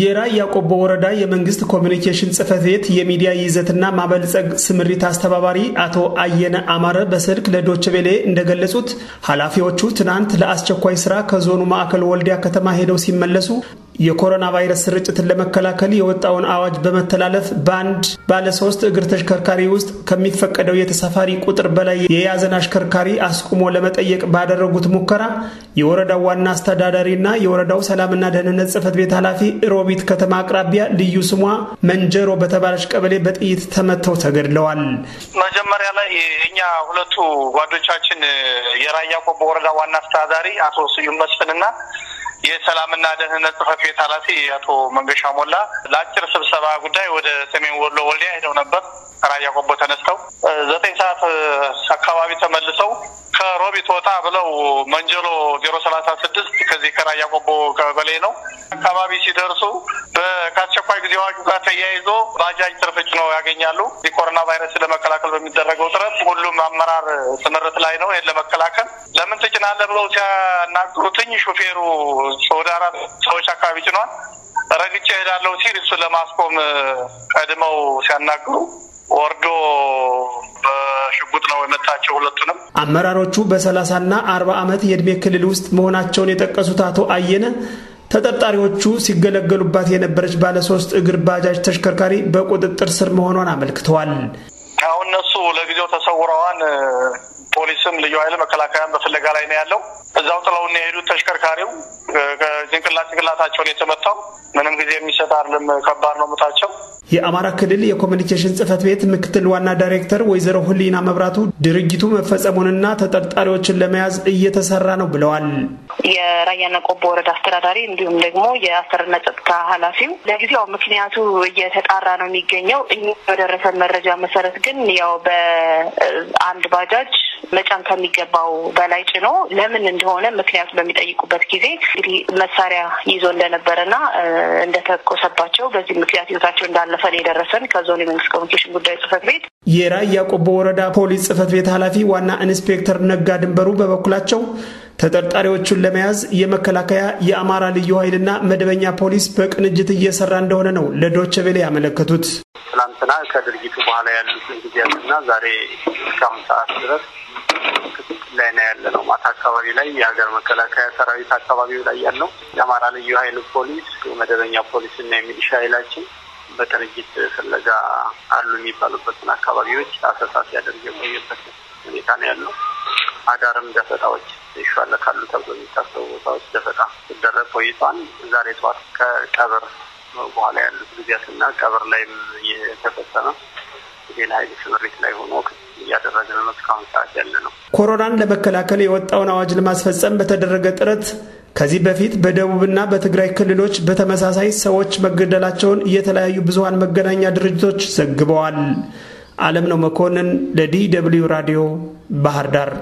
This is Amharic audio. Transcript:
የራያ ቆቦ ወረዳ የመንግስት ኮሚኒኬሽን ጽህፈት ቤት የሚዲያ ይዘትና ማበልጸግ ስምሪት አስተባባሪ አቶ አየነ አማረ በስልክ ለዶችቤሌ እንደገለጹት ኃላፊዎቹ ትናንት ለአስቸኳይ ስራ ከዞኑ ማዕከል ወልዲያ ከተማ ሄደው ሲመለሱ የኮሮና ቫይረስ ስርጭትን ለመከላከል የወጣውን አዋጅ በመተላለፍ በአንድ ባለሶስት እግር ተሽከርካሪ ውስጥ ከሚፈቀደው የተሳፋሪ ቁጥር በላይ የያዘን አሽከርካሪ አስቁሞ ለመጠየቅ ባደረጉት ሙከራ የወረዳው ዋና አስተዳዳሪና የወረዳው ሰላምና ደህንነት ጽህፈት ቤት ኃላፊ ሮቢት ከተማ አቅራቢያ ልዩ ስሟ መንጀሮ በተባለች ቀበሌ በጥይት ተመተው ተገድለዋል። መጀመሪያ ላይ እኛ ሁለቱ ጓዶቻችን የራያ ቆቦ ወረዳ ዋና አስተዳዳሪ አቶ ስዩም መስፍንና የሰላምና ደህንነት ጽሕፈት ቤት ኃላፊ አቶ መንገሻ ሞላ ለአጭር ስብሰባ ጉዳይ ወደ ሰሜን ወሎ ወልዲያ ሄደው ነበር። ከራያ ቆቦ ተነስተው መንጀሎ ዜሮ ሰላሳ ስድስት ከዚህ ከራያ ቆቦ ቀበሌ ነው አካባቢ ሲደርሱ ከአስቸኳይ ጊዜ አዋጁ ጋር ተያይዞ ባጃጅ ትርፍጭ ነው ያገኛሉ። የኮሮና ቫይረስ ለመከላከል በሚደረገው ጥረት ሁሉም አመራር ትምህርት ላይ ነው። ይህን ለመከላከል ለምን ትጭናለህ ብለው ሲያናግሩትኝ ሹፌሩ ወደ አራት ሰዎች አካባቢ ጭኗል። ረግጬ እሄዳለሁ ሲል እሱን ለማስቆም ቀድመው ሲያናግሩ ወርዶ ናቸው ሁለቱንም። አመራሮቹ በሰላሳና አርባ ዓመት የእድሜ ክልል ውስጥ መሆናቸውን የጠቀሱት አቶ አየነ ተጠርጣሪዎቹ ሲገለገሉባት የነበረች ባለሶስት እግር ባጃጅ ተሽከርካሪ በቁጥጥር ስር መሆኗን አመልክተዋል። ያው እነሱ ለጊዜው ተሰውረዋን ፖሊስም ልዩ ኃይል መከላከያን በፍለጋ ላይ ነው ያለው። እዛው ጥለው የሄዱት ተሽከርካሪው ሌላ ጭንቅላታቸውን የተመታው ምንም ጊዜ የሚሰጥ አይደለም። ከባድ ነው ምታቸው። የአማራ ክልል የኮሚኒኬሽን ጽህፈት ቤት ምክትል ዋና ዳይሬክተር ወይዘሮ ህሊና መብራቱ ድርጊቱ መፈጸሙንና ተጠርጣሪዎችን ለመያዝ እየተሰራ ነው ብለዋል። የራያና ቆቦ ወረዳ አስተዳዳሪ እንዲሁም ደግሞ የአሰራርና ጸጥታ ኃላፊው ለጊዜው ምክንያቱ እየተጣራ ነው የሚገኘው። እኛ በደረሰን መረጃ መሰረት ግን ያው በአንድ ባጃጅ መጫን ከሚገባው በላይ ጭኖ ለምን እንደሆነ ምክንያት በሚጠይቁበት ጊዜ እንግዲህ መሳሪያ ይዞ እንደነበረና እንደተኮሰባቸው በዚህ ምክንያት ህይወታቸው እንዳለፈ ነው የደረሰን ከዞን የመንግስት ኮሚኒኬሽን ጉዳይ ጽህፈት ቤት። የራያ ቆቦ ወረዳ ፖሊስ ጽህፈት ቤት ኃላፊ ዋና ኢንስፔክተር ነጋ ድንበሩ በበኩላቸው ተጠርጣሪዎቹን ለመያዝ የመከላከያ የአማራ ልዩ ኃይልና መደበኛ ፖሊስ በቅንጅት እየሰራ እንደሆነ ነው ለዶቸ ያመለከቱት። ትላንትና ከድርጊቱ በኋላ ያሉትን ጊዜያት ጊዜያትና ዛሬ እስካሁን ሰዓት ድረስ ክትትል ላይ ነው ያለ ነው። ማታ አካባቢ ላይ የሀገር መከላከያ ሰራዊት አካባቢው ላይ ያለው የአማራ ልዩ ኃይል ፖሊስ፣ መደበኛ ፖሊስ እና የሚሊሻ ኃይላችን በድርጊት ፍለጋ አሉ የሚባሉበትን አካባቢዎች አሰሳ ሲያደርግ የቆየበት ሁኔታ ነው ያለው። አዳርም ደፈጣዎች ይሻለ ካሉ ተብሎ የሚታሰቡ ቦታዎች ደፈጣ ሲደረግ ቆይቷል። ዛሬ ጠዋት ከቀብር በኋላ ያሉት ጊዜያትና ቀብር ላይም እየተፈጸመ ሌላ ኃይል ስምሪት ላይ ሆኖ እያደረግን ነው። እስካሁን ሰዓት ያለ ነው። ኮሮናን ለመከላከል የወጣውን አዋጅ ለማስፈጸም በተደረገ ጥረት ከዚህ በፊት በደቡብና በትግራይ ክልሎች በተመሳሳይ ሰዎች መገደላቸውን የተለያዩ ብዙሀን መገናኛ ድርጅቶች ዘግበዋል። አለም ነው መኮንን ለዲ ደብልዩ ራዲዮ ባህር ዳር